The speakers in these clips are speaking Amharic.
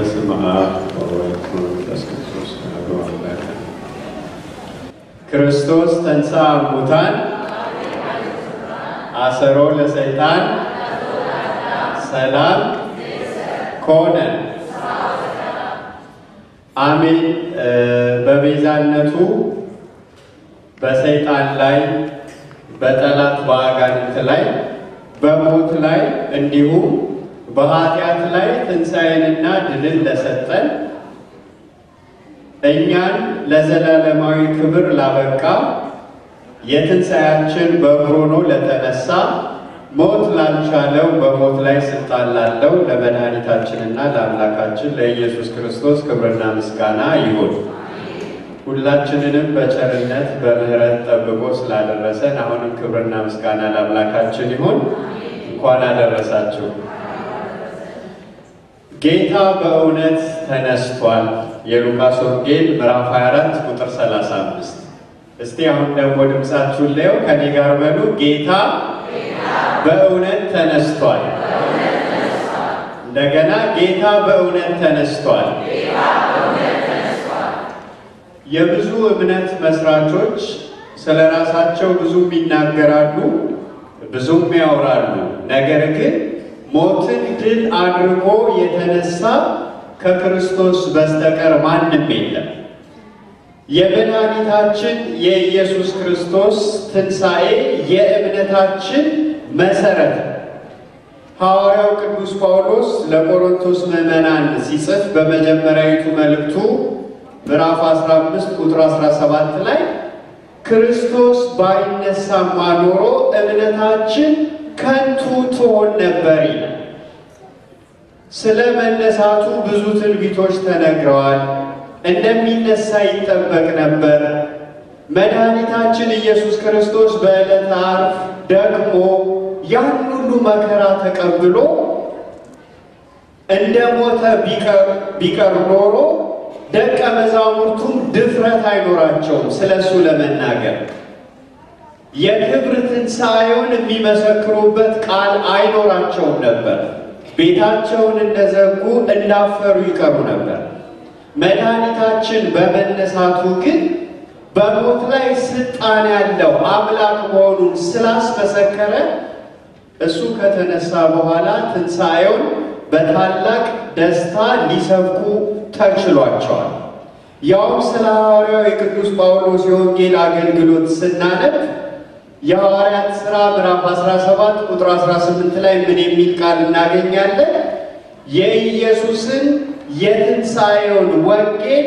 በስመ አብ ወወልድ ወመንፈስ ቅዱስ አሐዱ አምላክ። ክርስቶስ ተንሥአ እሙታን አሰሮ ለሰይጣን ሰላም ኮነ። አሜን። በቤዛነቱ በሰይጣን ላይ በጠላት በአጋንንት ላይ በሞት ላይ እንዲሁም በኃጢአት ላይ ትንሣኤንና ድልን ለሰጠን እኛን ለዘላለማዊ ክብር ላበቃ የትንሣያችን በኩር ሆኖ ለተነሳ ሞት ላልቻለው በሞት ላይ ስልጣን ላለው ለመድኃኒታችንና ለአምላካችን ለኢየሱስ ክርስቶስ ክብርና ምስጋና ይሁን። ሁላችንንም በቸርነት በምሕረት ጠብቆ ስላደረሰን አሁንም ክብርና ምስጋና ለአምላካችን ይሁን። እንኳን አደረሳችሁ። ጌታ በእውነት ተነስቷል። የሉቃስ ወንጌል ምዕራፍ 24 ቁጥር 35። እስቲ አሁን ደግሞ ድምፃችሁን ለየው ከኔ ጋር በሉ ጌታ በእውነት ተነስቷል። እንደገና ጌታ በእውነት ተነስቷል። የብዙ እምነት መስራቾች ስለ ራሳቸው ብዙም ይናገራሉ፣ ብዙም ያወራሉ። ነገር ግን ሞትን ድል አድርጎ የተነሳ ከክርስቶስ በስተቀር ማንም የለም። የመድኃኒታችን የኢየሱስ ክርስቶስ ትንሣኤ የእምነታችን መሠረት ሐዋርያው ቅዱስ ጳውሎስ ለቆሮንቶስ ምዕመናን ሲጽፍ በመጀመሪያዊቱ መልእክቱ ምዕራፍ 15 ቁጥር 17 ላይ ክርስቶስ ባይነሳማ ኖሮ እምነታችን ከንቱ ትሆን ነበር ይላል። ስለ መነሳቱ ብዙ ትንቢቶች ተነግረዋል። እንደሚነሳ ይጠበቅ ነበር። መድኃኒታችን ኢየሱስ ክርስቶስ በዕለተ አርፍ ደግሞ ያን ሁሉ መከራ ተቀብሎ እንደ ሞተ ቢቀር ኖሮ ደቀ መዛሙርቱም ድፍረት አይኖራቸውም ስለ እሱ ለመናገር የክብር ትንሣኤውን የሚመሰክሩበት ቃል አይኖራቸውም ነበር። ቤታቸውን እንደዘጉ እንዳፈሩ ይቀሩ ነበር። መድኃኒታችን በመነሳቱ ግን በሞት ላይ ስልጣን ያለው አምላክ መሆኑን ስላስመሰከረ እሱ ከተነሳ በኋላ ትንሣኤውን በታላቅ ደስታ ሊሰብኩ ተችሏቸዋል። ያውም ስለ ሐዋርያው የቅዱስ ጳውሎስ የወንጌል አገልግሎት ስናነብ የሐዋርያት ሥራ ምዕራፍ 17 ቁጥር 18 ላይ ምን የሚል ቃል እናገኛለን? የኢየሱስን የትንሣኤውን ወንጌል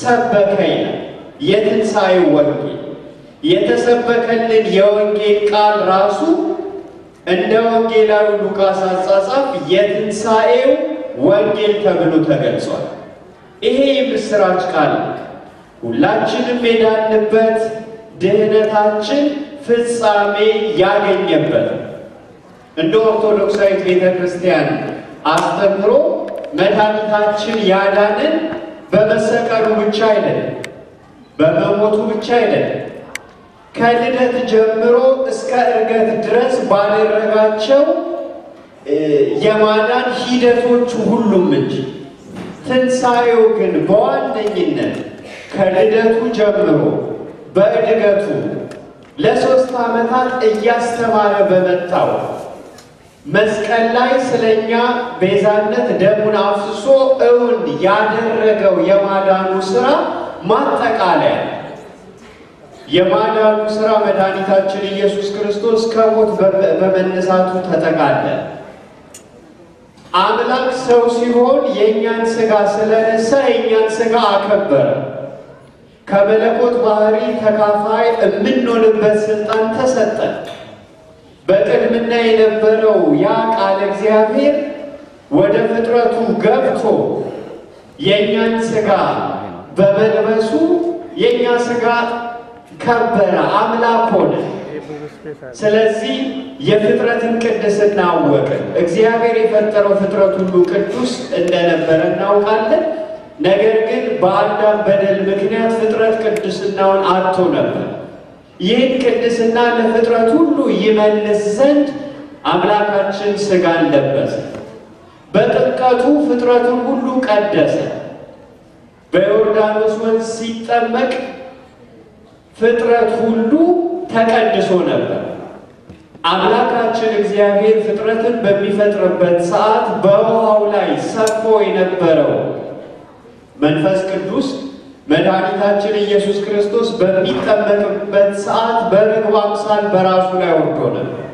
ሰበከ ይላል። የትንሣኤው ወንጌል የተሰበከልን የወንጌል ቃል ራሱ እንደ ወንጌላዊ ሉቃስ አጻጻፍ የትንሣኤው ወንጌል ተብሎ ተገልጿል። ይሄ የምሥራች ቃል ሁላችንም የዳንበት ድህነታችን ፍጻሜ ያገኘበት እንደ ኦርቶዶክሳዊት ቤተ ክርስቲያን አስተምሮ መድኃኒታችን ያዳንን በመሰቀሉ ብቻ አይደለም፣ በመሞቱ ብቻ አይደለም። ከልደት ጀምሮ እስከ እርገት ድረስ ባደረጋቸው የማዳን ሂደቶች ሁሉም እንጂ ትንሣኤው ግን በዋነኝነት ከልደቱ ጀምሮ በእድገቱ ለሶስት ዓመታት እያስተማረ በመጣው መስቀል ላይ ስለኛ ቤዛነት ደሙን አፍስሶ እውን ያደረገው የማዳኑ ስራ ማጠቃለያ የማዳኑ ስራ መድኃኒታችን ኢየሱስ ክርስቶስ ከሞት በመነሳቱ ተጠቃለ። አምላክ ሰው ሲሆን የእኛን ስጋ ስለነሳ የእኛን ስጋ አከበረ። ከመለኮት ባህሪ ተካፋይ የምንሆንበት ስልጣን ተሰጠን። በቅድምና የነበረው ያ ቃል እግዚአብሔር ወደ ፍጥረቱ ገብቶ የእኛን ስጋ በመልበሱ የእኛ ስጋ ከበረ፣ አምላክ ሆነ። ስለዚህ የፍጥረትን ቅድስና አወቅን። እግዚአብሔር የፈጠረው ፍጥረት ሁሉ ቅዱስ እንደነበረ እናውቃለን። ነገር ግን በአዳም በደል ምክንያት ፍጥረት ቅድስናውን አጥቶ ነበር። ይህን ቅድስና ለፍጥረት ሁሉ ይመልስ ዘንድ አምላካችን ስጋን ለበሰ። በጥምቀቱ ፍጥረቱን ሁሉ ቀደሰ። በዮርዳኖስ ወንዝ ሲጠመቅ ፍጥረት ሁሉ ተቀድሶ ነበር። አምላካችን እግዚአብሔር ፍጥረትን በሚፈጥርበት ሰዓት በውሃው ላይ ሰፎ የነበረው መንፈስ ቅዱስ መድኃኒታችን ኢየሱስ ክርስቶስ በሚጠመቅበት ሰዓት በርግብ አምሳል በራሱ ላይ ወርዶ ነበር።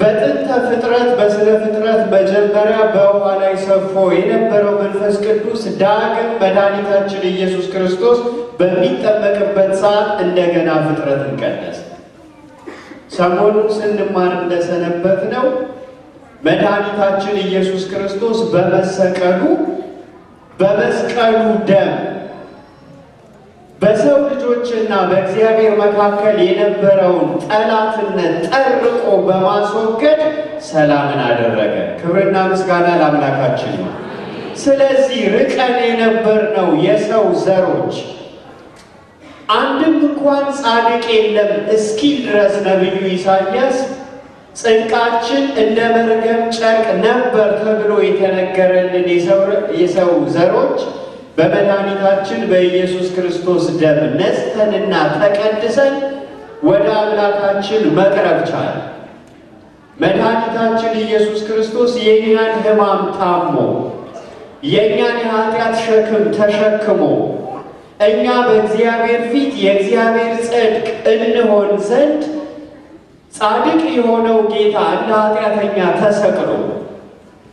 በጥንተ ፍጥረት በስነ ፍጥረት መጀመሪያ በውሃ ላይ ሰፎ የነበረው መንፈስ ቅዱስ ዳግም መድኃኒታችን ኢየሱስ ክርስቶስ በሚጠመቅበት ሰዓት እንደገና ፍጥረትን ቀነሰ። ሰሞኑን ስንማር እንደሰነበት ነው መድኃኒታችን ኢየሱስ ክርስቶስ በመሰቀሉ በመስቀሉ ደም በሰው ልጆችና በእግዚአብሔር መካከል የነበረውን ጠላትነት ጠርቆ በማስወገድ ሰላምን አደረገ። ክብርና ምስጋና ለአምላካችን ነው። ስለዚህ ርቀን የነበርነው የሰው ዘሮች አንድም እንኳን ጻድቅ የለም እስኪል ድረስ ነቢዩ ኢሳያስ ጽድቃችን እንደ መርገም ጨርቅ ነበር ተብሎ የተነገረልን የሰው ዘሮች በመድኃኒታችን በኢየሱስ ክርስቶስ ደም ነጽተንና ተቀድሰን ወደ አምላካችን መቅረብ ቻለ። መድኃኒታችን ኢየሱስ ክርስቶስ የእኛን ሕማም ታሞ የእኛን የኃጢአት ሸክም ተሸክሞ እኛ በእግዚአብሔር ፊት የእግዚአብሔር ጽድቅ እንሆን ዘንድ ጻድቅ የሆነው ጌታ እንደ ኃጢአተኛ ተሰቅሎ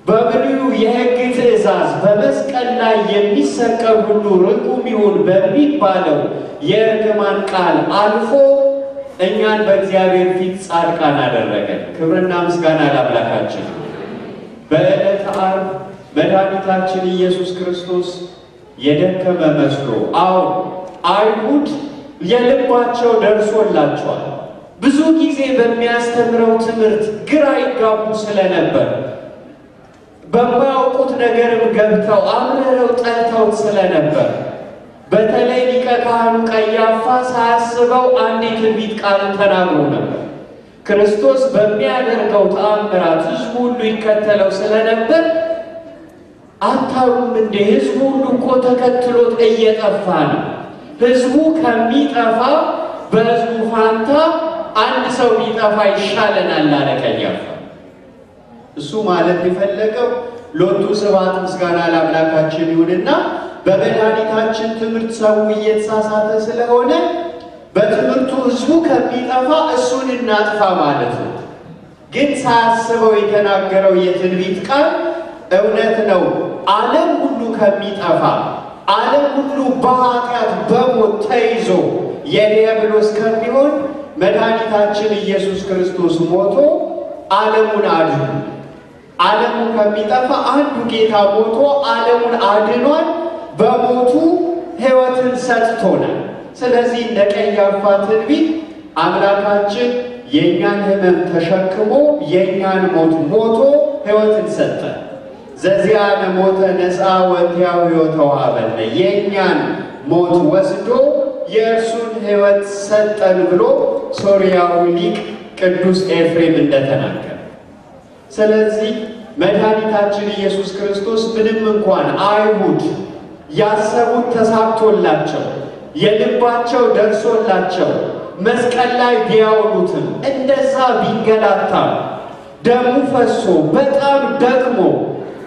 በብልዩ የሕግ ትእዛዝ በመስቀል ላይ የሚሰቀል ሁሉ ርጉም ይሁን በሚባለው የእርግማን ቃል አልፎ እኛን በእግዚአብሔር ፊት ጻድቃን አደረገን። ክብርና ምስጋና ለአምላካችን። በዕለተ ዓርብ መድኃኒታችን ኢየሱስ ክርስቶስ የደከመ መስሎ አሁን አይሁድ የልባቸው ደርሶላቸዋል ብዙ ጊዜ በሚያስተምረው ትምህርት ግራ ይጋቡ ስለነበር በማያውቁት ነገርም ገብተው አምረው ጠልተው ስለነበር በተለይ ሊቀ ካህኑ ቀያፋ ሳያስበው አንድ የትንቢት ቃል ተናግሮ ነበር። ክርስቶስ በሚያደርገው ተአምራት ሕዝቡ ሁሉ ይከተለው ስለነበር አታሩም እንዴ? ሕዝቡ ሁሉ እኮ ተከትሎት እየጠፋ ነው። ሕዝቡ ከሚጠፋ በሕዝቡ ፋንታ አንድ ሰው ቢጠፋ ይሻለናል አለ ቀያፋ። እሱ ማለት የፈለገው ሎቱ ስብሐት ምስጋና ለአምላካችን ይሁንና በመድኃኒታችን ትምህርት ሰው እየተሳሳተ ስለሆነ በትምህርቱ ህዝቡ ከሚጠፋ እሱን እናጥፋ ማለት ነው። ግን ሳያስበው የተናገረው የትንቢት ቃል እውነት ነው። ዓለም ሁሉ ከሚጠፋ ዓለም ሁሉ በኃጢአት በሞት ተይዞ የዲያብሎስ ከሚሆን መድኃኒታችን ኢየሱስ ክርስቶስ ሞቶ ዓለሙን አድኑ። ዓለሙ ከሚጠፋ አንዱ ጌታ ሞቶ ዓለሙን አድኗል። በሞቱ ሕይወትን ሰጥቶናል። ስለዚህ እንደ ቀያፋ ትንቢት አምላካችን የእኛን ሕመም ተሸክሞ የእኛን ሞት ሞቶ ሕይወትን ሰጠ። ዘዚያ ለሞተ ነፃ ወዲያው ሕይወተ ወሀበነ የእኛን ሞት ወስዶ የእርሱን ሕይወት ሰጠን ብሎ ሶርያዊ ሊቅ ቅዱስ ኤፍሬም እንደተናገረ ስለዚህ መድኃኒታችን ኢየሱስ ክርስቶስ ምንም እንኳን አይሁድ ያሰቡት ተሳክቶላቸው የልባቸው ደርሶላቸው መስቀል ላይ ቢያውሉትም እንደዛ ቢንገላታ ደሙ ፈሶ በጣም ደክሞ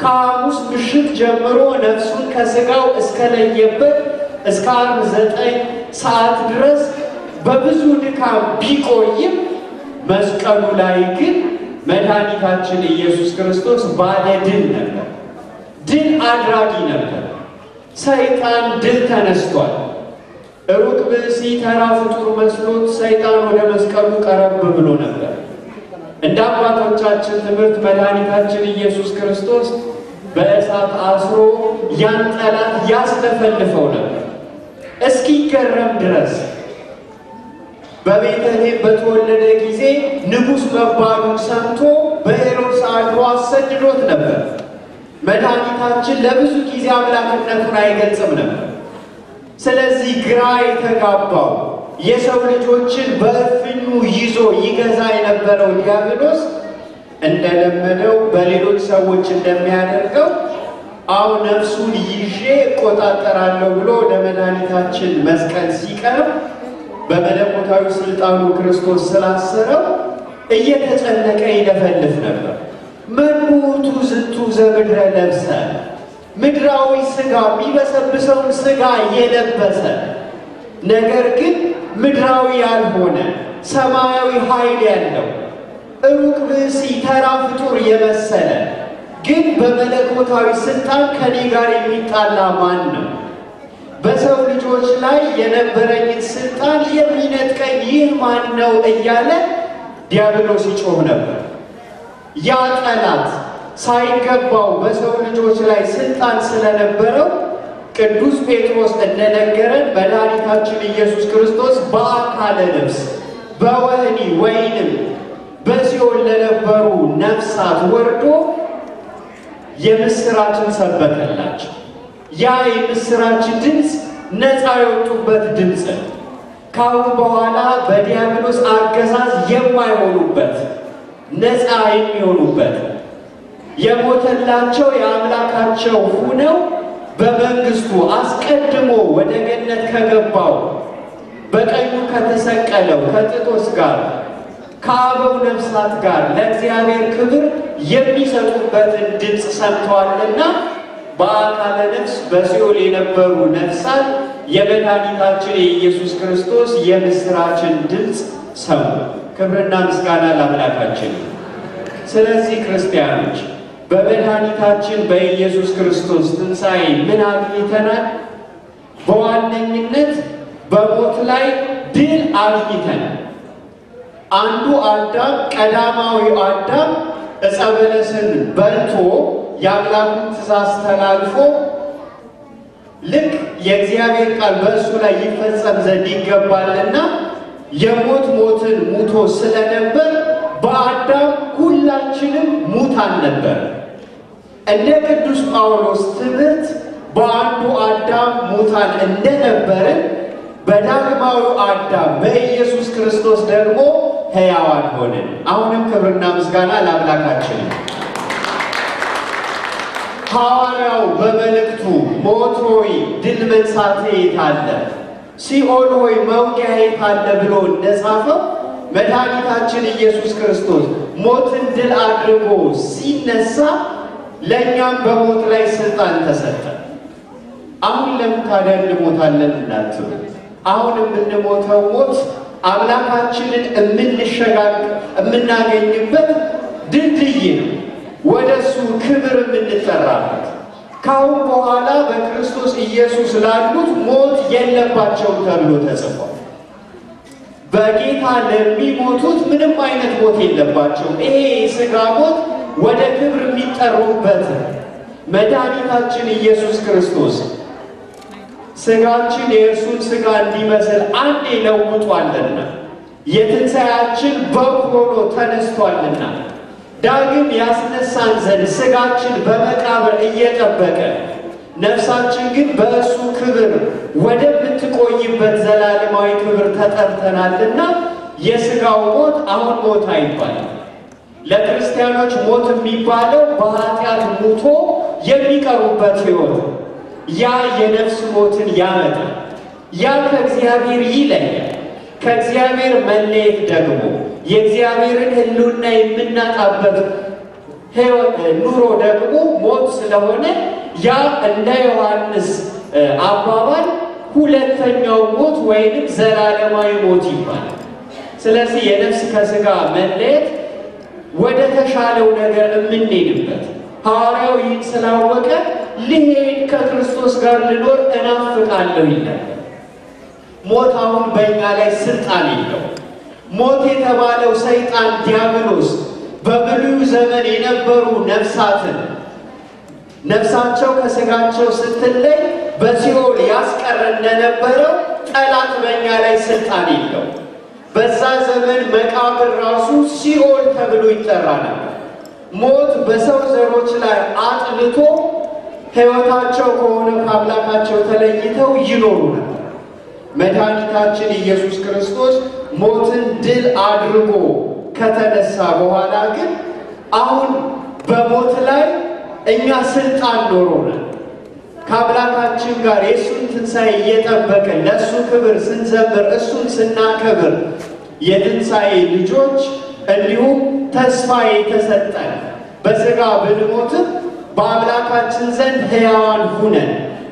ከሐሙስ ምሽት ጀምሮ ነፍሱን ከስጋው እስከለየበት እስከ አርብ ዘጠኝ ሰዓት ድረስ በብዙ ድካም ቢቆይም መስቀሉ ላይ ግን መድኃኒታችን ኢየሱስ ክርስቶስ ባለ ድል ነበር። ድል አድራጊ ነበር። ሰይጣን ድል ተነስቷል። ሩቅ ብእሲ ተራ ፍጡር መስሎት ሰይጣን ወደ መስቀሉ ቀረብ ብሎ ነበር። እንደ አባቶቻችን ትምህርት መድኃኒታችን ኢየሱስ ክርስቶስ በእሳት አስሮ ያን ጠላት ያስተፈልፈው ነበር። እስኪገረም ድረስ በቤተልሔም በተወለደ ጊዜ ንጉሥ መባሉን ሰምቶ በሄሮድስ አድሮ አሰድዶት ነበር። መድኃኒታችን ለብዙ ጊዜ አምላክነቱን አይገልጽም ነበር። ስለዚህ ግራ የተጋባው የሰው ልጆችን በእፍኙ ይዞ ይገዛ የነበረው ዲያብሎስ እንደለመደው በሌሎች ሰዎች እንደሚያደርገው አው ነፍሱን ይዤ እቆጣጠራለሁ ብሎ ለመድኃኒታችን መስቀል ሲቀርብ በመለኮታዊ ስልጣኑ ክርስቶስ ስላሰረው እየተጨነቀ ይለፈልፍ ነበር። መሙቱ ዝንቱ ዘምድረ ለብሰ ምድራዊ ስጋ የሚበሰብሰውን ስጋ የለበሰ ነገር ግን ምድራዊ ያልሆነ ሰማያዊ ኃይል ያለው ሩቅ ብእሲ ተራ ፍጡር የመሰለ ግን በመለኮታዊ ስልጣን ከኔ ጋር የሚጣላ ማን ነው? በሰው ልጆች ላይ የነበረኝን ስልጣን የሚነጥቀኝ ይህ ማን ነው? እያለ ዲያብሎስ ይጮህ ነበር። ያ ጠላት ሳይገባው በሰው ልጆች ላይ ስልጣን ስለነበረው ቅዱስ ጴጥሮስ እንደነገረን መድኃኒታችን ኢየሱስ ክርስቶስ በአካለ ነፍስ በወህኒ ወይንም በሲኦል ለነበሩ ነፍሳት ወርዶ የምስራችን ሰበከላቸው። ያ የምስራች ድምፅ ነፃ የወጡበት ድምፅ ነው። ካሁን በኋላ በዲያብሎስ አገዛዝ የማይሆኑበት ነፃ የሚሆኑበት የሞተላቸው የአምላካቸው ሁነው በመንግስቱ አስቀድሞ ወደ ገነት ከገባው በቀኙ ከተሰቀለው ከጥጦስ ጋር ከአበው ነፍሳት ጋር ለእግዚአብሔር ክብር የሚሰጡበትን ድምፅ ሰምተዋልና በአካለ ነፍስ በሲኦል የነበሩ ነፍሳት የመድኃኒታችን የኢየሱስ ክርስቶስ የምስራችን ድምፅ ሰሙ። ክብርና ምስጋና ለአምላካችን። ስለዚህ ክርስቲያኖች በመድኃኒታችን በኢየሱስ ክርስቶስ ትንሣኤ ምን አግኝተናል? በዋነኝነት በሞት ላይ ድል አግኝተናል። አንዱ አዳም ቀዳማዊ አዳም ዕፀ በለስን በልቶ የአምላኩን ትእዛዝ ተላልፎ ልክ የእግዚአብሔር ቃል በእሱ ላይ ይፈጸም ዘንድ ይገባልና የሞት ሞትን ሙቶ ስለነበር በአዳም ሁላችንም ሙታን ነበር። እንደ ቅዱስ ጳውሎስ ትምህርት በአንዱ አዳም ሙታን እንደነበርን በዳግማዊ አዳም በኢየሱስ ክርስቶስ ደግሞ ሕያዋን ሆንን። አሁንም ክብርና ምስጋና ለአምላካችን። ሐዋርያው በመልእክቱ ሞት ሆይ ድል መንሳቴ የታለ፣ ሲኦል ሆይ መውጊያ የታለ ብሎ እንደጻፈው መድኃኒታችን ኢየሱስ ክርስቶስ ሞትን ድል አድርጎ ሲነሳ ለእኛም በሞት ላይ ስልጣን ተሰጠ። አሁን ለምን ታዲያ እንሞታለን እንዳትሉ፣ አሁን የምንሞተው ሞት አምላካችንን የምንሸጋግ የምናገኝበት ድልድይ ነው። ወደ እሱ ክብር የምንጠራበት ካሁን በኋላ በክርስቶስ ኢየሱስ ላሉት ሞት የለባቸውም ተብሎ ተጽፏል። በጌታ ለሚሞቱት ምንም አይነት ሞት የለባቸውም። ይሄ የስጋ ሞት ወደ ክብር የሚጠሩበት መድኃኒታችን ኢየሱስ ክርስቶስ ስጋችን የእርሱን ስጋ እንዲመስል አንዴ ለውጧልና የትንሣያችን በግ ሆኖ ተነስቷልና ዳግም ያስነሳን ዘንድ ስጋችን በመቃብር እየጠበቀ ነፍሳችን ግን በእሱ ክብር ወደምትቆይበት ዘላለማዊ ክብር ተጠርተናልና የስጋው ሞት አሁን ሞት አይባልም። ለክርስቲያኖች ሞት የሚባለው በኃጢአት ሙቶ የሚቀሩበት ሕይወት ያ የነፍስ ሞትን ያመጣል። ያ ከእግዚአብሔር ይለያል። ከእግዚአብሔር መለየት ደግሞ የእግዚአብሔርን ሕልውና የምናጣበት ኑሮ ደግሞ ሞት ስለሆነ ያ እንደ ዮሐንስ አባባል ሁለተኛው ሞት ወይንም ዘላለማዊ ሞት ይባላል። ስለዚህ የነፍስ ከስጋ መለየት ወደ ተሻለው ነገር የምንሄድበት ሐዋርያው ይህን ስላወቀ ልሄድ ከክርስቶስ ጋር ልኖር እናፍቃለሁ ይላል። ሞት አሁን በእኛ ላይ ስልጣን የለው። ሞት የተባለው ሰይጣን ዲያብሎስ በብሉይ ዘመን የነበሩ ነፍሳትን ነፍሳቸው ከስጋቸው ስትለይ በሲኦል ያስቀረነ እንደነበረው ጠላት በእኛ ላይ ስልጣን የለው። በዛ ዘመን መቃብር ራሱ ሲኦል ተብሎ ይጠራ ነበር። ሞት በሰው ዘሮች ላይ አጥልቶ ሕይወታቸው ከሆነ አምላካቸው ተለይተው ይኖሩ ነበር። መድኃኒታችን ኢየሱስ ክርስቶስ ሞትን ድል አድርጎ ከተነሳ በኋላ ግን አሁን በሞት ላይ እኛ ስልጣን ኖሮናል። ከአምላካችን ጋር የእሱን ትንሣኤ እየጠበቅን ለእሱ ክብር ስንዘምር፣ እሱን ስናከብር የትንሣኤ ልጆች እንዲሁም ተስፋ የተሰጠን በሥጋ ብንሞትም በአምላካችን ዘንድ ሕያዋን ሁነን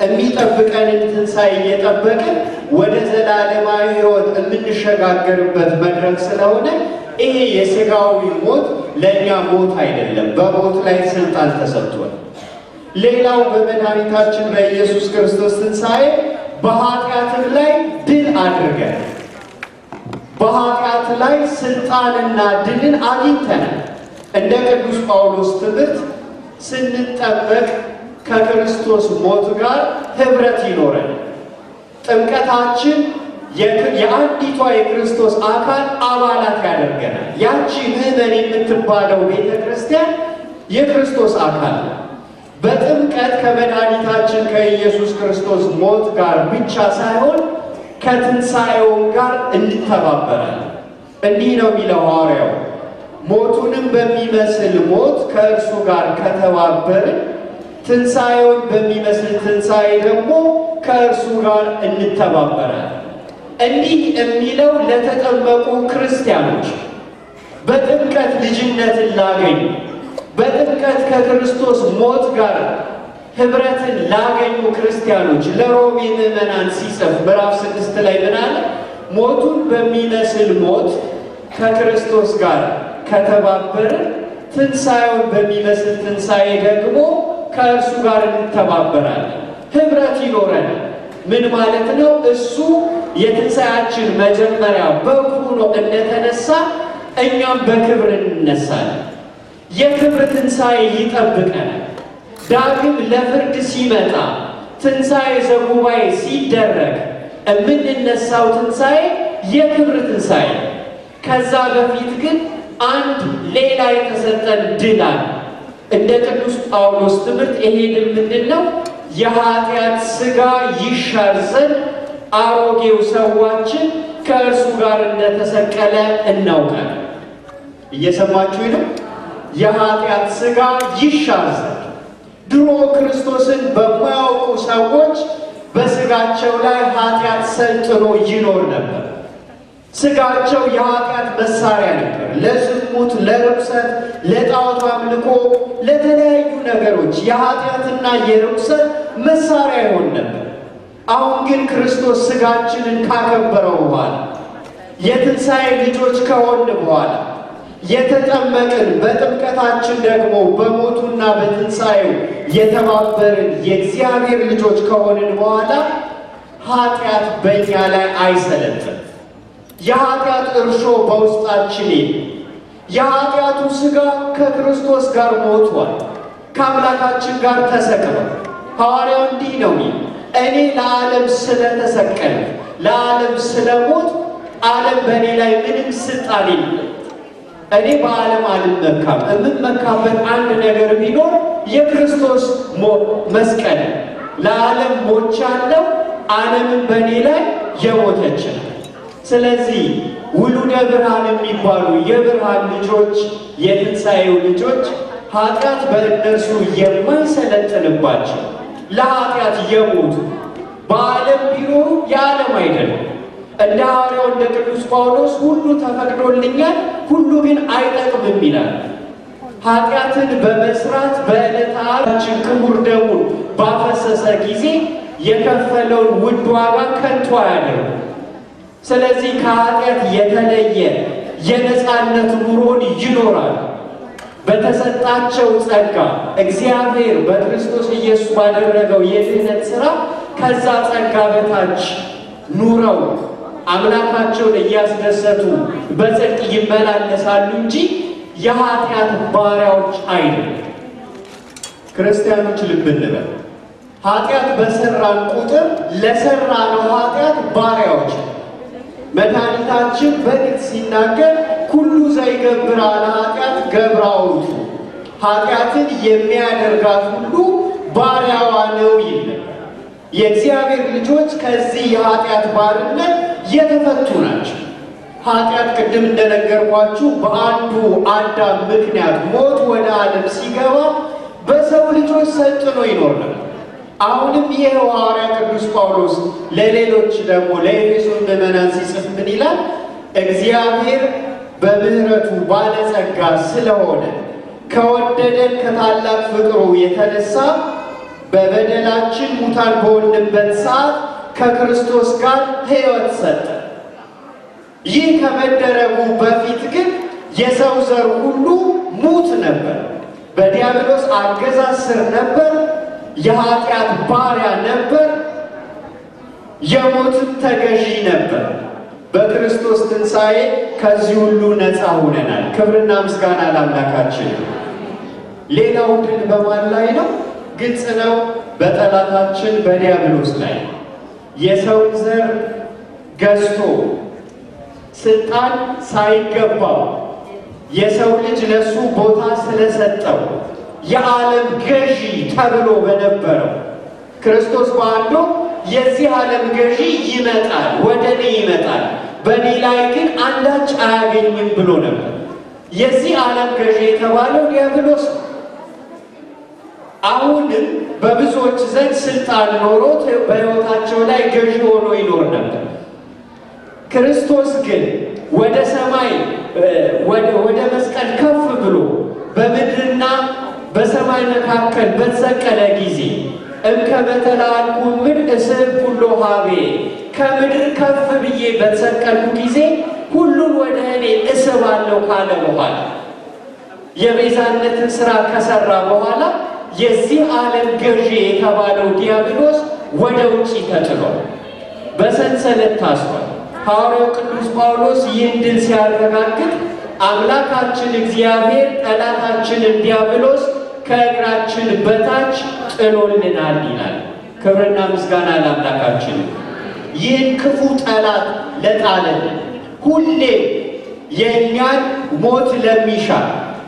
የሚጠብቀንን ትንሣኤ እየጠበቅን ወደ ዘላለማዊ ሕይወት የምንሸጋገርበት መድረክ ስለሆነ ይሄ የሥጋዊ ሞት ለእኛ ሞት አይደለም። በሞት ላይ ስልጣን ተሰጥቷል። ሌላው በመድኃኒታችን በኢየሱስ ክርስቶስ ትንሣኤ በኃጢአትም ላይ ድል አድርገን በኃጢአት ላይ ስልጣንና ድልን አግኝተናል። እንደ ቅዱስ ጳውሎስ ትምህርት ስንጠበቅ ከክርስቶስ ሞት ጋር ህብረት ይኖረን። ጥምቀታችን የአንዲቷ የክርስቶስ አካል አባላት ያደርገናል። ያቺ ምዕመን የምትባለው ቤተ ክርስቲያን የክርስቶስ አካል ነው። በጥምቀት ከመድኃኒታችን ከኢየሱስ ክርስቶስ ሞት ጋር ብቻ ሳይሆን ከትንሣኤውም ጋር እንተባበራለን። እንዲህ ነው የሚለው ሐዋርያው ሞቱንም በሚመስል ሞት ከእርሱ ጋር ከተባበርን ትንሣኤውን በሚመስል ትንሣኤ ደግሞ ከእርሱ ጋር እንተባበራል። እንዲህ የሚለው ለተጠመቁ ክርስቲያኖች በጥምቀት ልጅነትን ላገኙ፣ በጥምቀት ከክርስቶስ ሞት ጋር ኅብረትን ላገኙ ክርስቲያኖች ለሮሜ ምዕመናን ሲጽፍ ምዕራፍ ስድስት ላይ ምን ሞቱን በሚመስል ሞት ከክርስቶስ ጋር ከተባበርን ትንሣኤውን በሚመስል ትንሣኤ ደግሞ ከእርሱ ጋር እንተባበራለን። ህብረት ይኖረናል። ምን ማለት ነው? እሱ የትንሣኤያችን መጀመሪያ በኩ ነው እንደተነሳ እኛም በክብር እንነሳለን። የክብር ትንሣኤ ይጠብቀናል። ዳግም ለፍርድ ሲመጣ ትንሣኤ ዘጉባኤ ሲደረግ የምንነሳው ትንሣኤ የክብር ትንሣኤ ከዛ በፊት ግን አንድ ሌላ የተሰጠን ድል አለ። እንደ ቅዱስ ጳውሎስ ትምህርት ይሄ ድል ምንድን ነው? የኃጢአት ሥጋ ይሻር ዘንድ አሮጌው ሰዋችን ከእርሱ ጋር እንደተሰቀለ እናውቃለን። እየሰማችሁ ነው። የኃጢአት ሥጋ ይሻር ዘንድ ድሮ ክርስቶስን በማያውቁ ሰዎች በሥጋቸው ላይ ኃጢአት ሰልጥኖ ይኖር ነበር። ስጋቸው የኃጢአት መሳሪያ ነበር። ለዝሙት፣ ለርኩሰት፣ ለጣዖት አምልኮ፣ ለተለያዩ ነገሮች የኃጢአትና የርኩሰት መሳሪያ ይሆን ነበር። አሁን ግን ክርስቶስ ስጋችንን ካከበረው በኋላ የትንሣኤ ልጆች ከሆን በኋላ የተጠመቅን በጥምቀታችን ደግሞ በሞቱና በትንሣኤው የተባበርን የእግዚአብሔር ልጆች ከሆንን በኋላ ኃጢአት በእኛ ላይ አይሰለጥም። የኃጢአት እርሾ በውስጣችን የኃጢአቱ ሥጋ ከክርስቶስ ጋር ሞቷል፣ ከአምላካችን ጋር ተሰቅሏል። ሐዋርያው እንዲህ ነው እኔ ለዓለም ስለተሰቀለ ለዓለም ስለሞት ዓለም በእኔ ላይ ምንም ስልጣን የለ። እኔ በዓለም አልመካም። የምመካበት አንድ ነገር ቢኖር የክርስቶስ መስቀል ለዓለም ሞቻለሁ፣ ዓለምን በእኔ ላይ የሞተች ነው። ስለዚህ ውሉደ ብርሃን የሚባሉ የብርሃን ልጆች የትንሣኤው ልጆች ኃጢአት በእነርሱ የማይሰለጥንባቸው ለኃጢአት የሞቱ በዓለም ቢኖሩ የዓለም አይደለም። እንደ ሐዋርያው እንደ ቅዱስ ጳውሎስ ሁሉ ተፈቅዶልኛል፣ ሁሉ ግን አይጠቅምም ይላል። ኃጢአትን በመስራት በዕለተ ዓርባችን ክቡር ደሙን ባፈሰሰ ጊዜ የከፈለውን ውድ ዋጋ ከንቱ አያደርጉ ስለዚህ ከኃጢአት የተለየ የነፃነት ኑሮን ይኖራል። በተሰጣቸው ጸጋ እግዚአብሔር በክርስቶስ ኢየሱስ ባደረገው የድህነት ሥራ ከዛ ጸጋ በታች ኑረው አምላካቸውን እያስደሰቱ በጽድቅ ይመላለሳሉ እንጂ የኃጢአት ባሪያዎች አይደለም። ክርስቲያኖች ልብ እንበል። ኃጢአት በሰራን ቁጥር ለሰራ ነው ኃጢአት ባሪያዎች መድኃኒታችን በግልጽ ሲናገር ኩሉ ዘይገብር አለ ኃጢአት ገብረ አውቱ ኃጢአትን የሚያደርጋት ሁሉ ባሪያዋ ነው ይላል። የእግዚአብሔር ልጆች ከዚህ የኃጢአት ባርነት የተፈቱ ናቸው። ኃጢአት ቅድም እንደነገርኳችሁ በአንዱ አዳም ምክንያት ሞት ወደ ዓለም ሲገባ በሰው ልጆች ሰልጥኖ ይኖር ነበር። አሁንም ይህ ሐዋርያ ቅዱስ ጳውሎስ ለሌሎች ደግሞ ለኤፌሶን ምዕመናን ሲጽፍ ምን ይላል? እግዚአብሔር በምሕረቱ ባለጸጋ ስለሆነ ከወደደን ከታላቅ ፍቅሩ የተነሳ በበደላችን ሙታን በሆንበት ሰዓት ከክርስቶስ ጋር ሕይወት ሰጠ። ይህ ከመደረጉ በፊት ግን የሰው ዘር ሁሉ ሙት ነበር፣ በዲያብሎስ አገዛዝ ስር ነበር። የኃጢአት ባሪያ ነበር፣ የሞትን ተገዢ ነበር። በክርስቶስ ትንሣኤ ከዚህ ሁሉ ነፃ ሆነናል። ክብርና ምስጋና ለአምላካችን። ሌላው ድል በማን ላይ ነው? ግልጽ ነው፣ በጠላታችን በዲያብሎስ ላይ የሰውን ዘር ገዝቶ ስልጣን ሳይገባው የሰው ልጅ ለሱ ቦታ ስለሰጠው የዓለም ገዢ ተብሎ በነበረው ክርስቶስ በአንዱ የዚህ ዓለም ገዢ ይመጣል፣ ወደ እኔ ይመጣል፣ በእኔ ላይ ግን አንዳች አያገኝም ብሎ ነበር። የዚህ ዓለም ገዢ የተባለው ዲያብሎስ አሁንም በብዙዎች ዘንድ ስልጣን ኖሮት በሕይወታቸው ላይ ገዢ ሆኖ ይኖር ነበር። ክርስቶስ ግን ወደ ሰማይ ወደ መስቀል ከፍ ብሎ በምድርና በሰማይ መካከል በተሰቀለ ጊዜ እንከ በተላልኩ ምድ እስብ ሁሎ ሀቤ ከምድር ከፍ ብዬ በተሰቀልኩ ጊዜ ሁሉን ወደ እኔ እስባለሁ ካለ በኋላ የቤዛነትን ስራ ከሰራ በኋላ የዚህ ዓለም ገዢ የተባለው ዲያብሎስ ወደ ውጭ ተጥሏል፣ በሰንሰለት ታስሯል። ሐዋርያው ቅዱስ ጳውሎስ ይህን ድል ሲያረጋግጥ አምላካችን እግዚአብሔር ጠላታችንን ዲያብሎስ ከእግራችን በታች ጥሎልናል ይላል። ክብርና ምስጋና ለአምላካችን። ይህን ክፉ ጠላት ለጣለን ሁሌ የእኛን ሞት ለሚሻ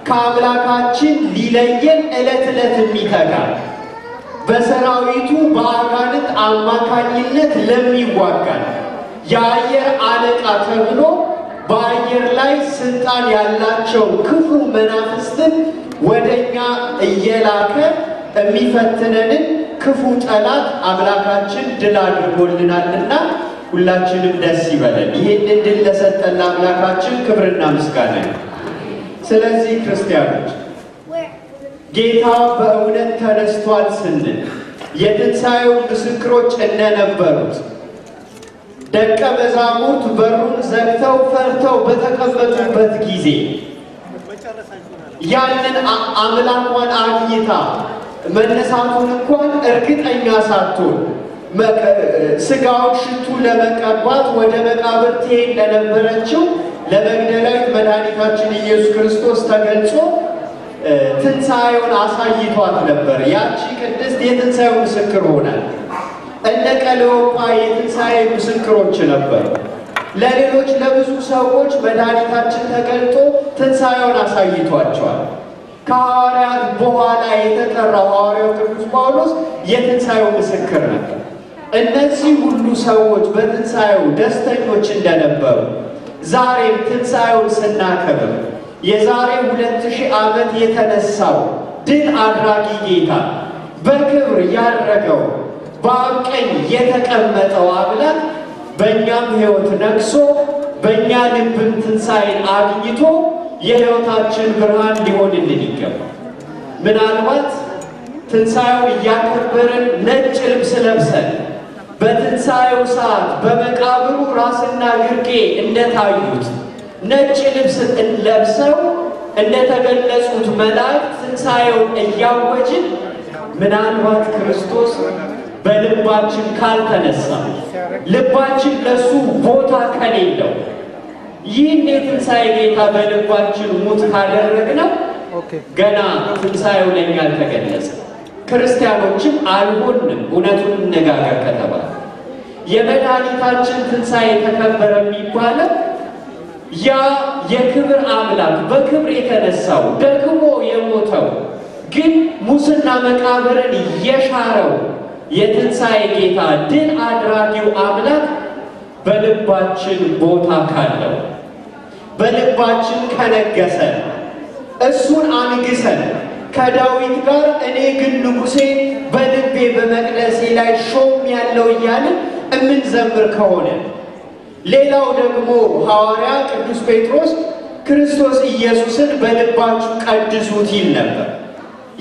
ከአምላካችን ሊለየን ዕለት ዕለት የሚተጋ በሰራዊቱ በአጋንንት አማካኝነት ለሚዋጋል የአየር አለቃ ተብሎ በአየር ላይ ስልጣን ያላቸው ክፉ መናፍስትን ወደኛ እየላከ የሚፈትነንን ክፉ ጠላት አምላካችን ድል አድርጎልናልና ሁላችንም ደስ ይበለን። ይህንን ድል ለሰጠን አምላካችን ክብርና ምስጋና። ስለዚህ ክርስቲያኖች ጌታ በእውነት ተነስቷል ስንል የትንሣኤው ምስክሮች እንደነበሩት ደቀ መዛሙርት በሩን ዘግተው ፈርተው በተቀመጡበት ጊዜ ያንን አምላኳን አግኝታ መነሳቱን እንኳን እርግጠኛ ሳትሆን ስጋውን ሽቱ ለመቀባት ወደ መቃብር ትሄድ ለነበረችው ለመግደላዊት መድኃኒታችን ኢየሱስ ክርስቶስ ተገልጾ ትንሣኤውን አሳይቷት ነበር። ያቺ ቅድስት የትንሣኤው ምስክር ሆናል። እንደ ቀለዮጳ የትንሣኤ ምስክሮች ነበሩ። ለሌሎች ለብዙ ሰዎች መድኃኒታችን ተገልጦ ትንሣኤውን አሳይቷቸዋል። ከሐዋርያት በኋላ የተጠራው ሐዋርያው ቅዱስ ጳውሎስ የትንሣኤው ምስክር ነበር። እነዚህ ሁሉ ሰዎች በትንሣኤው ደስተኞች እንደነበሩ ዛሬም ትንሣኤውን ስናከብር የዛሬ ሁለት ሺህ ዓመት የተነሳው ድል አድራጊ ጌታ በክብር ያረገው በአብ ቀኝ የተቀመጠው አምላክ በእኛም ሕይወት ነግሶ በእኛ ልብን ትንሣኤን አግኝቶ የሕይወታችን ብርሃን ሊሆንልን ይገባል። ምናልባት ትንሣኤው እያከበርን ነጭ ልብስ ለብሰን በትንሣኤው ሰዓት በመቃብሩ ራስና ግርጌ እንደታዩት ነጭ ልብስ ለብሰው እንደተገለጹት መላእክት ትንሣኤውን እያወጅን ምናልባት ክርስቶስ በልባችን ካልተነሳ ልባችን ለሱ ቦታ ከሌለው ይህን የትንሣኤ ጌታ በልባችን ሙት ካደረግነው ገና ትንሣኤው ለኛ አልተገለጸ። ክርስቲያኖችም አልሆንም። እውነቱን እነጋገር ከተባለ የመድኃኒታችን ትንሣኤ ተከበረ የሚባለው ያ የክብር አምላክ በክብር የተነሳው ደክሞ የሞተው ግን ሙስና መቃብርን የሻረው የትንሣኤ ጌታ ድል አድራጊው አምላክ በልባችን ቦታ ካለው በልባችን ከነገሰ እሱን አንግሰን ከዳዊት ጋር እኔ ግን ንጉሴ በልቤ በመቅደሴ ላይ ሾም ያለው እያልን እምንዘምር ከሆነ ሌላው ደግሞ ሐዋርያ ቅዱስ ጴጥሮስ ክርስቶስ ኢየሱስን በልባችሁ ቀድሱት ይል ነበር።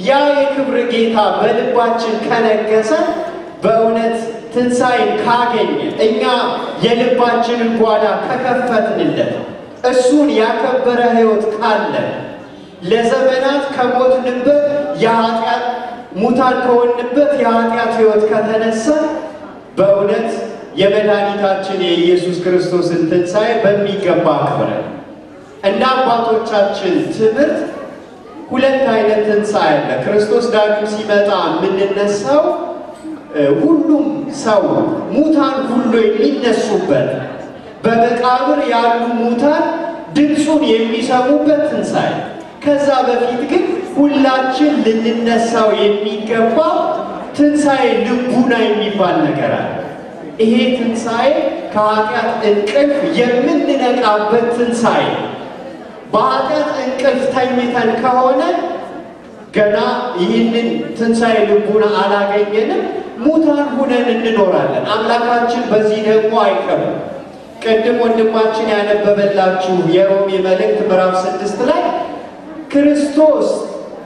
ያ የክብር ጌታ በልባችን ከነገሰ በእውነት ትንሣኤን ካገኘ እኛ የልባችንን ጓዳ ከከፈትንለት እሱን ያከበረ ሕይወት ካለ ለዘመናት ከሞትንበት የኃጢአት ሙታን ከሆንበት የኃጢአት ሕይወት ከተነሳ በእውነት የመድኃኒታችን የኢየሱስ ክርስቶስን ትንሣኤ በሚገባ አክብረን እንደ አባቶቻችን ትምህርት ሁለት አይነት ትንሣኤ አለ። ክርስቶስ ዳግም ሲመጣ የምንነሳው ሁሉም ሰው ሙታን ሁሉ የሚነሱበት በመቃብር ያሉ ሙታን ድምፁን የሚሰሙበት ትንሣኤ። ከዛ በፊት ግን ሁላችን ልንነሳው የሚገባ ትንሣኤ ልቡና የሚባል ነገር አለ። ይሄ ትንሣኤ ከኃጢአት እንቅልፍ የምንነቃበት ትንሣኤ በአገር እንቅልፍ ተኝተን ከሆነ ገና ይህንን ትንሣኤ ልቡን አላገኘንም። ሙታን ሁነን እንኖራለን። አምላካችን በዚህ ደግሞ አይቀም። ቅድም ወንድማችን ያነበበላችሁ የሮሜ መልእክት ምዕራፍ ስድስት ላይ ክርስቶስ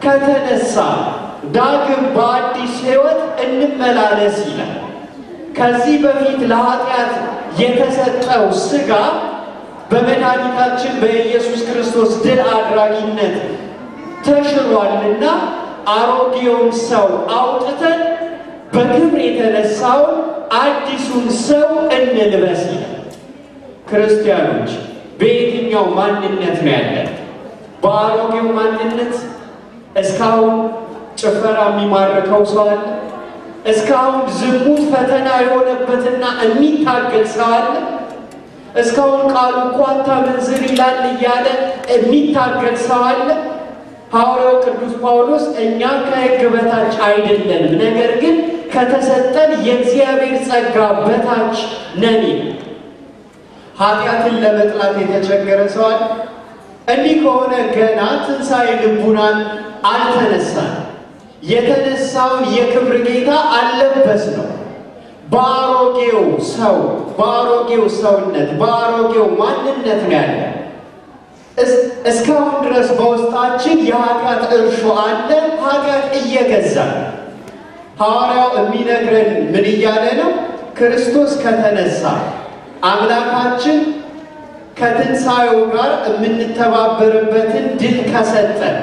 ከተነሳ ዳግም በአዲስ ሕይወት እንመላለስ ይላል። ከዚህ በፊት ለኃጢአት የተሰጠው ስጋ። በመድኃኒታችን በኢየሱስ ክርስቶስ ድል አድራጊነት ተሽሯልና አሮጌውን ሰው አውጥተን በክብር የተነሳው አዲሱን ሰው እንልበስ። ክርስቲያኖች በየትኛው ማንነት ነው ያለን? በአሮጌው ማንነት እስካሁን ጭፈራ የሚማርከው ሰው አለ። እስካሁን ዝሙት ፈተና የሆነበትና የሚታገል ሰው አለ። እስካሁን ቃሉ እኮ አታመንዝር ይላል እያለ የሚታገል ሰው አለ። ሐዋርያው ቅዱስ ጳውሎስ እኛ ከሕግ በታች አይደለንም፣ ነገር ግን ከተሰጠን የእግዚአብሔር ጸጋ በታች ነን። ኃጢአትን ለመጥላት የተቸገረ ሰው አለ። እንዲህ ከሆነ ገና ትንሣኤ ልቡናን አልተነሳን፣ የተነሳውን የክብር ጌታ አለበስ ነው በአሮጌው ሰው በአሮጌው ሰውነት በአሮጌው ማንነት ነው ያለ። እስካሁን ድረስ በውስጣችን የኃጢአት እርሾ አለ። ኃጢአት እየገዛ ሐዋርያው የሚነግረን ምን እያለ ነው? ክርስቶስ ከተነሳ አምላካችን ከትንሣኤው ጋር የምንተባበርበትን ድል ከሰጠን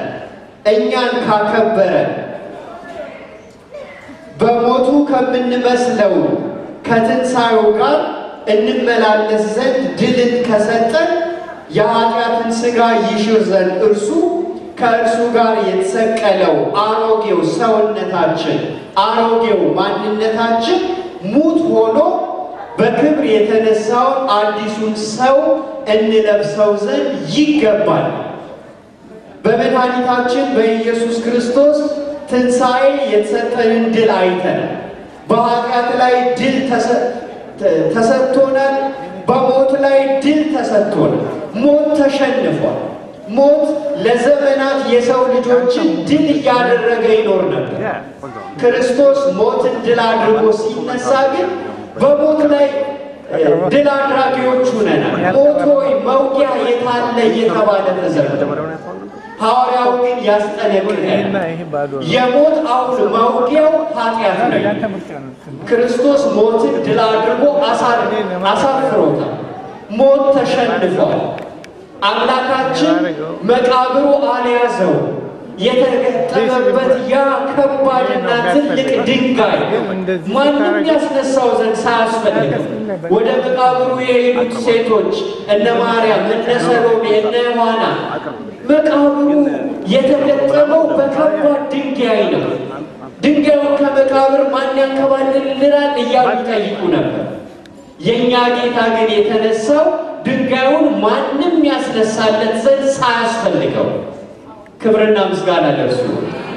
እኛን ካከበረን በሞቱ ከምንመስለው ከትንሣኤው ጋር እንመላለስ ዘንድ ድልን ከሰጠን የኃጢአትን ሥጋ ይሽር ዘንድ እርሱ ከእርሱ ጋር የተሰቀለው አሮጌው ሰውነታችን አሮጌው ማንነታችን ሙት ሆኖ በክብር የተነሳውን አዲሱን ሰው እንለብሰው ዘንድ ይገባል። በመድኃኒታችን በኢየሱስ ክርስቶስ ትንሣኤ የተሰጠንን ድል አይተን በኃጢአት ላይ ድል ተሰጥቶናል። በሞት ላይ ድል ተሰጥቶናል። ሞት ተሸንፏል። ሞት ለዘመናት የሰው ልጆችን ድል እያደረገ ይኖር ነበር። ክርስቶስ ሞትን ድል አድርጎ ሲነሳ ግን በሞት ላይ ድል አድራጊዎች ሁነናል። ሞት ሆይ መውጊያ የታለ እየተባለ ተዘርቶ ሐዋርያው ግን ያስጠነቅቃል። የሞት አውድ ማውቂያው ኃጢአት ነው። ክርስቶስ ሞትን ድል አድርጎ አሳፍሮታል። ሞት ተሸንፏል። አምላካችን መቃብሩ አልያዘው። የተገጠመበት ያ ከባድና ትልቅ ድንጋይ ማንም ያስነሳው ዘንድ ሳያስፈልግ ወደ መቃብሩ የሄዱት ሴቶች እነ ማርያም፣ እነ ሰሎሜ፣ እነ ዮሐና መቃብሩ የተገጠመው በከባድ ድንጋይ ነው። ድንጋዩን ከመቃብር ማን ያንከባልልናል እያሉ ይጠይቁ ነበር። የእኛ ጌታ ግን የተነሳው ድንጋዩን ማንም ያስነሳለት ዘንድ ሳያስፈልገው፣ ክብርና ምስጋና ለእርሱ።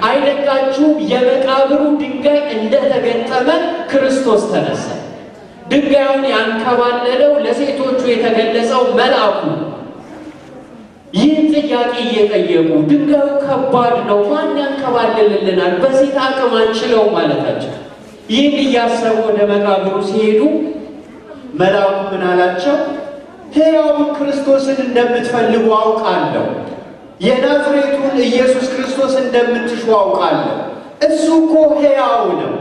አይደንቃችሁም? የመቃብሩ ድንጋይ እንደተገጠመ ክርስቶስ ተነሳ። ድንጋዩን ያንከባለለው ለሴቶቹ የተገለጸው መልአኩ ይህን ጥያቄ እየጠየቁ ድንጋዩ ከባድ ነው፣ ማን ያንከባልልልናል፣ በዚህ አቅም አንችለው ማለታቸው። ይህን እያሰቡ ወደ መቃብሩ ሲሄዱ መልአኩ ምን አላቸው? ሕያውን ክርስቶስን እንደምትፈልጉ አውቃለሁ። የናዝሬቱን ኢየሱስ ክርስቶስ እንደምትሹ አውቃለሁ። እሱ እኮ ሕያው ነው።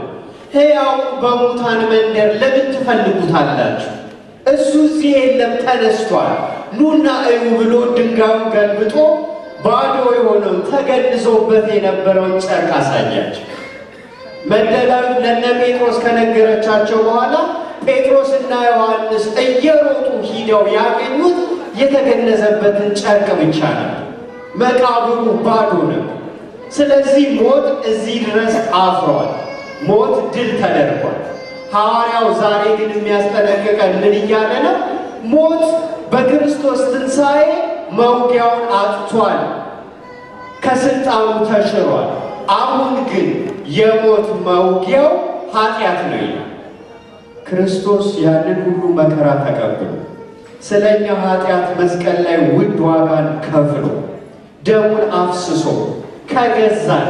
ሕያው በሙታን መንደር ለምን ትፈልጉታላችሁ? እሱ እዚህ የለም ተነስቷል፣ ኑና እዩ ብሎ ድንጋዩን ገልብጦ ባዶ የሆነው ተገንዞበት የነበረውን ጨርቅ አሳያቸው። መግደላዊት ለነ ጴጥሮስ ከነገረቻቸው በኋላ ጴጥሮስና ዮሐንስ እየሮጡ ሂደው ያገኙት የተገነዘበትን ጨርቅ ብቻ ነበር። መቃብሩ ባዶ ነበር። ስለዚህ ሞት እዚህ ድረስ አፍሯል። ሞት ድል ተደርጓል። ሐዋርያው ዛሬ ግን የሚያስጠነቅቀን ምን እያለ ነው? ሞት በክርስቶስ ትንሣኤ መውጊያውን አጥቷል፣ ከስልጣኑ ተሽሯል። አሁን ግን የሞት መውጊያው ኃጢአት ነው ክርስቶስ ያንን ሁሉ መከራ ተቀብሎ ስለ እኛ ኃጢአት መስቀል ላይ ውድ ዋጋን ከፍሎ ደሙን አፍስሶ ከገዛን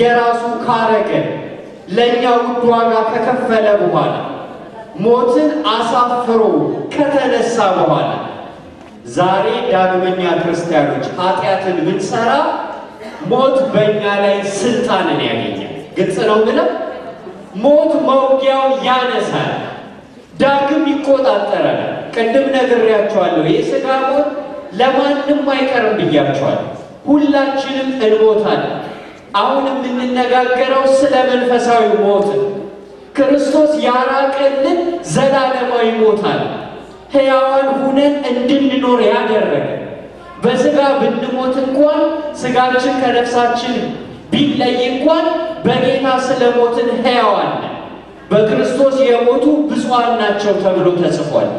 የራሱ ካረገን ለእኛ ውድ ዋጋ ከከፈለ በኋላ ሞትን አሳፍሮ ከተነሳ በኋላ ዛሬ ዳግመኛ ክርስቲያኖች ኃጢአትን ብንሰራ ሞት በእኛ ላይ ስልጣንን ያገኛል። ግልጽ ነው ብለው ሞት መውጊያው ያነሳል፣ ዳግም ይቆጣጠራል። ቅድም ነግሬያቸዋለሁ። ይህ ሥጋ ሞት ለማንም አይቀርም ብያቸዋል። ሁላችንም እንሞታለን። አሁን የምንነጋገረው ስለ መንፈሳዊ ሞት ክርስቶስ ያራቀልን ዘላለማዊ ሞት አለ። ሕያዋን ሁነን እንድንኖር ያደረገ በስጋ ብንሞት እንኳን ስጋችን ከነፍሳችን ቢለይ እንኳን በጌታ ስለ ሞትን ሕያዋን በክርስቶስ የሞቱ ብፁዓን ናቸው ተብሎ ተጽፏል።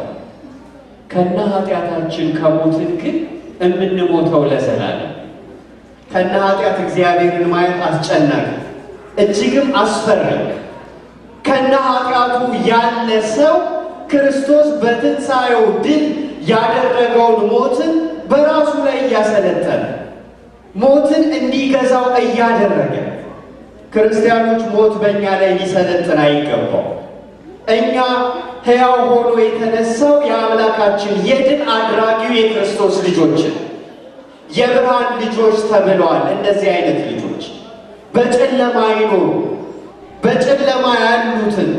ከነ ኃጢአታችን ከሞትን ግን የምንሞተው ለዘላለም ከነ ኃጢአት እግዚአብሔርን ማየት አስጨናቂ እጅግም አስፈሪ ከነ ኃጢአቱ ያለ ሰው ክርስቶስ በትንሣኤው ድል ያደረገውን ሞትን በራሱ ላይ እያሰለጠነ ሞትን እንዲገዛው እያደረገ ክርስቲያኖች ሞት በእኛ ላይ ሊሰለጥን አይገባው። እኛ ሕያው ሆኖ የተነሳው የአምላካችን የድል አድራጊው የክርስቶስ ልጆችን የብርሃን ልጆች ተብለዋል። እንደዚህ አይነት ልጆች በጨለማ አይኖሩ። በጨለማ ያሉትን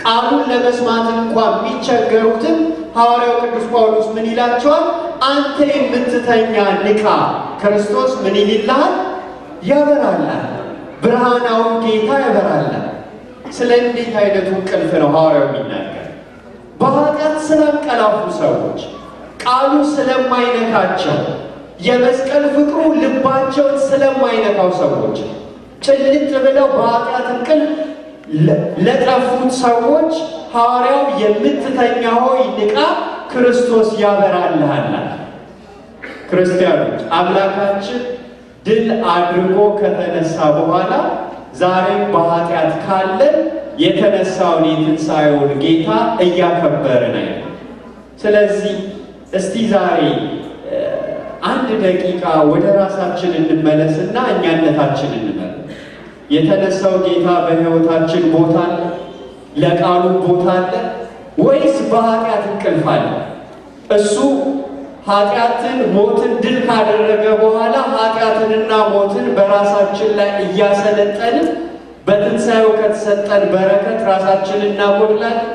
ቃሉን ለመስማት እንኳ የሚቸገሩትን ሐዋርያው ቅዱስ ጳውሎስ ምን ይላቸዋል? አንተ የምትተኛ ንቃ፣ ክርስቶስ ምን ይልልሃል? ያበራላል። ብርሃናዊ ጌታ ያበራላል። ስለ እንዴት አይነቱ እንቅልፍ ነው ሐዋርያው የሚናገር? በኃጢአት ስላንቀላፉ ሰዎች ቃሉ ስለማይነካቸው የመስቀል ፍቅሩ ልባቸውን ስለማይነካው ሰዎች ጭልጥ ብለው በኃጢአት እንቅልፍ ለጠፉት ሰዎች ሐዋርያው የምትተኛ ሆይ ንቃ፣ ክርስቶስ ያበራልሃል። ክርስቲያኖች አምላካችን ድል አድርጎ ከተነሳ በኋላ ዛሬም በኃጢአት ካለን የተነሳውን የትንሣኤውን ጌታ እያከበርን አይደል? ስለዚህ እስቲ ዛሬ አንድ ደቂቃ ወደ ራሳችን እንመለስና እኛነታችን እንመለ የተነሳው ጌታ በሕይወታችን ቦታ አለ? ለቃሉ ቦታ አለ ወይስ በኃጢአት እንቅልፍ አለ? እሱ ኃጢአትን፣ ሞትን ድል ካደረገ በኋላ ኃጢአትንና ሞትን በራሳችን ላይ እያሰለጠንን በትንሣኤው ከተሰጠን በረከት ራሳችን እናጎድላለን።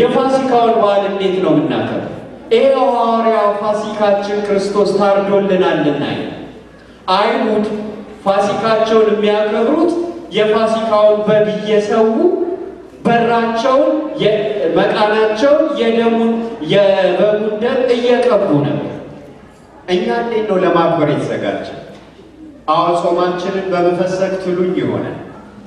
የፋሲካውን በዓል እንዴት ነው የምናከብረው? ይኸው ሐዋርያው ፋሲካችን ክርስቶስ ታርዶልናልና አይሁድ ፋሲካቸውን የሚያከብሩት የፋሲካውን በግ እየሰዉ በራቸውን መቃናቸውን የደሙን የበጉን ደም እየቀቡ ነበር። እኛ እንዴት ነው ለማክበር የተዘጋጀ? አዎ ጾማችንን በመፈሰግ ትሉኝ ይሆናል፣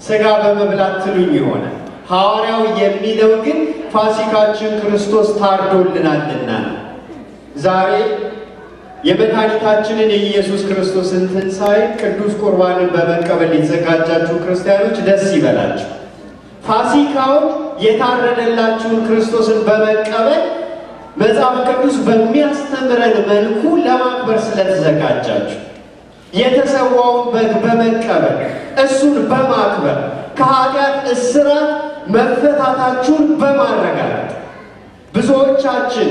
ስጋ በመብላት ትሉኝ ይሆናል። ሐዋርያው የሚለው ግን ፋሲካችን ክርስቶስ ታርዶልናልና ዛሬ የመድኃኒታችንን የኢየሱስ ክርስቶስን ትንሣኤ ቅዱስ ቁርባንን በመቀበል የተዘጋጃችሁ ክርስቲያኖች ደስ ይበላችሁ። ፋሲካውን የታረደላችሁን ክርስቶስን በመቀበል መጽሐፍ ቅዱስ በሚያስተምረን መልኩ ለማክበር ስለተዘጋጃችሁ የተሰዋውን በግ በመቀበል እሱን በማክበር ከኃጢአት እስራት መፈታታችሁን በማረጋገጥ ብዙዎቻችን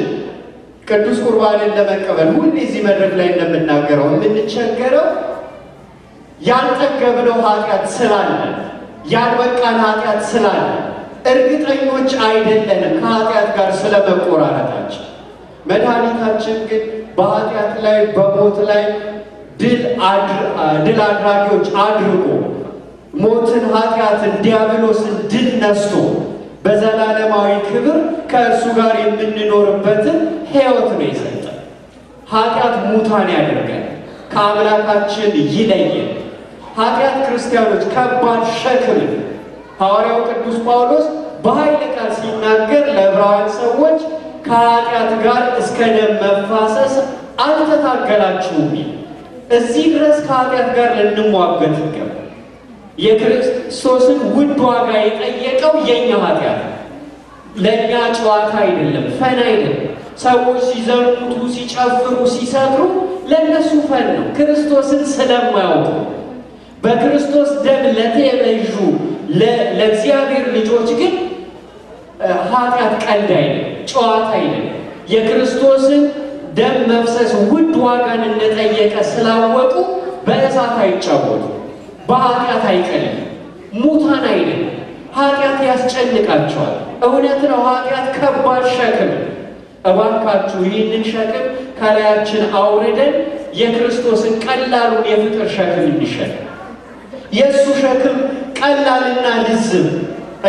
ቅዱስ ቁርባንን ለመቀበል ሁሌ እዚህ መድረክ ላይ እንደምናገረው የምንቸገረው ያልጠገብነው ኃጢአት ስላለ ያልበቃን ኃጢአት ስላለ እርግጠኞች አይደለንም ከኃጢአት ጋር ስለመቆራረጣችን። መድኃኒታችን ግን በኃጢአት ላይ በሞት ላይ ድል አድራጊዎች አድርጎ ሞትን፣ ኃጢአትን፣ ዲያብሎስን ድል ነስቶ በዘላለማዊ ክብር ከእርሱ ጋር የምንኖርበትን ሕይወት ነው የሰጠ። ኃጢአት ሙታን ያደርገን፣ ከአምላካችን ይለየን። ኃጢአት ክርስቲያኖች ከባድ ሸክም ሐዋርያው ቅዱስ ጳውሎስ በኃይለ ቃል ሲናገር ለዕብራውያን ሰዎች ከኃጢአት ጋር እስከ ደም መፋሰስ አልተታገላችሁም። እዚህ ድረስ ከኃጢአት ጋር ልንሟገት ይገባል። የክርስቶስን ውድ ዋጋ የጠየቀው የኛ ኃጢአት ለእኛ ጨዋታ አይደለም፣ ፈን አይደለም። ሰዎች ሲዘሙቱ፣ ሲጨፍሩ፣ ሲሰጥሩ ለእነሱ ፈን ነው። ክርስቶስን ስለማያውቁ በክርስቶስ ደም ለተመዡ ለእግዚአብሔር ልጆች ግን ኃጢአት ቀልድ አይደለም፣ ጨዋታ አይደለም። የክርስቶስን ደም መፍሰስ ውድ ዋጋን እንደጠየቀ ስላወቁ በእሳት አይጫወቱ። በኃጢአት አይቀልም። ሙታን አይደል። ኃጢአት ያስጨንቃቸዋል። እውነት ነው፣ ኃጢአት ከባድ ሸክም። እባካችሁ ይህንን ሸክም ከላያችን አውርደን የክርስቶስን ቀላሉን የፍቅር ሸክም እንሸል። የእሱ ሸክም ቀላልና ልዝብ።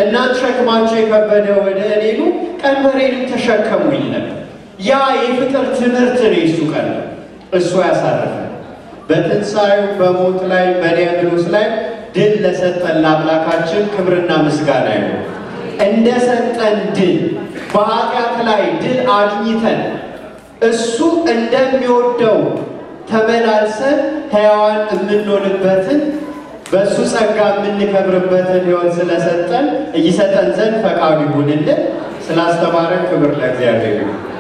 እናንት ሸክማቸው የከበደ ወደ እኔ ቀንበሬንም ተሸከሙ ይል ነበር። ያ የፍቅር ትምህርት ነው። የሱ ቀን እሱ ያሳርፈን። በትንሣኤው በሞት ላይ በዲያብሎስ ላይ ድል ለሰጠን ለአምላካችን ክብርና ምስጋና ይሁን። እንደሰጠን ድል በኃጢአት ላይ ድል አግኝተን እሱ እንደሚወደው ተመላልሰን ሕያዋን የምንሆንበትን በእሱ ጸጋ የምንከብርበትን ሕይወት ስለሰጠን እይሰጠን ዘንድ ፈቃዱ ይሁንልን። ስላስተማረን ክብር ለእግዚአብሔር ይሁን።